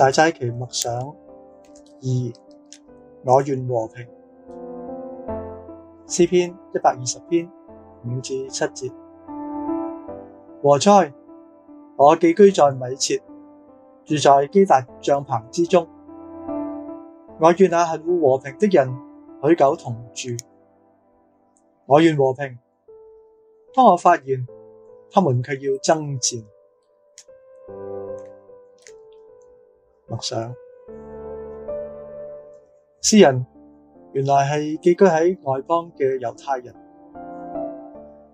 大齋期默想二，我願和平。詩篇一百二十篇五至七節。禍哉，我寄居在米設，住在基達帳篷之中。我願那恨惡和平的人，許久同住。我願和平。當我發言他們卻要爭戰。默想詩人原來係寄居喺外邦嘅猶太人，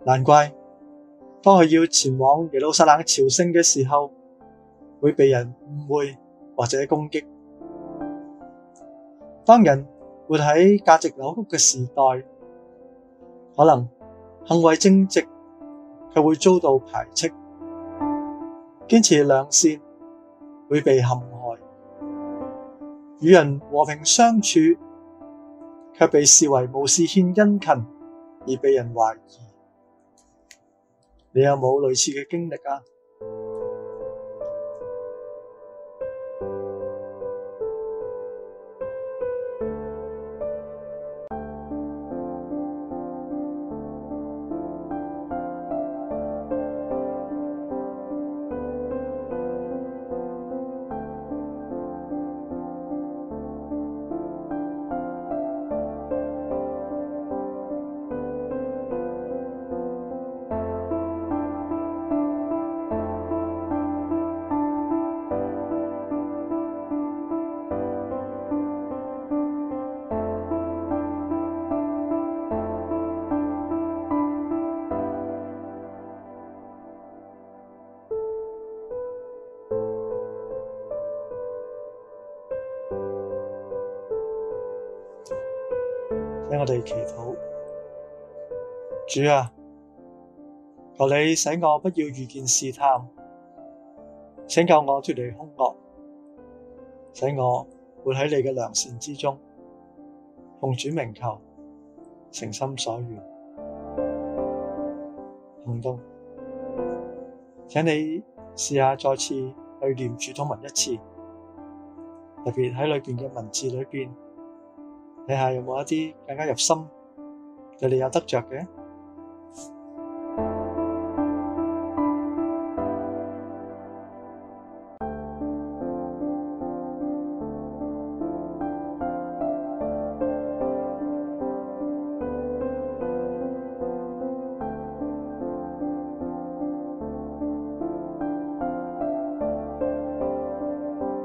難怪當佢要前往耶路撒冷朝聖嘅時候，會被人誤會或者攻擊。當人活喺價值扭曲嘅時代，可能行為正直卻會遭到排斥，堅持良善會被陷。與人和平相處，卻被視為無事獻殷勤而被人懷疑，你有冇類似嘅經歷啊？俾我哋祈禱，主啊，求你使我不要遇見試探，拯救我脫離凶惡，使我活喺你嘅良善之中。奉主名求，誠心所願。行動，請你試下再次去念主禱文一次，特別喺裏邊嘅文字裏邊。睇下有冇一啲更加入心，對你有得着嘅？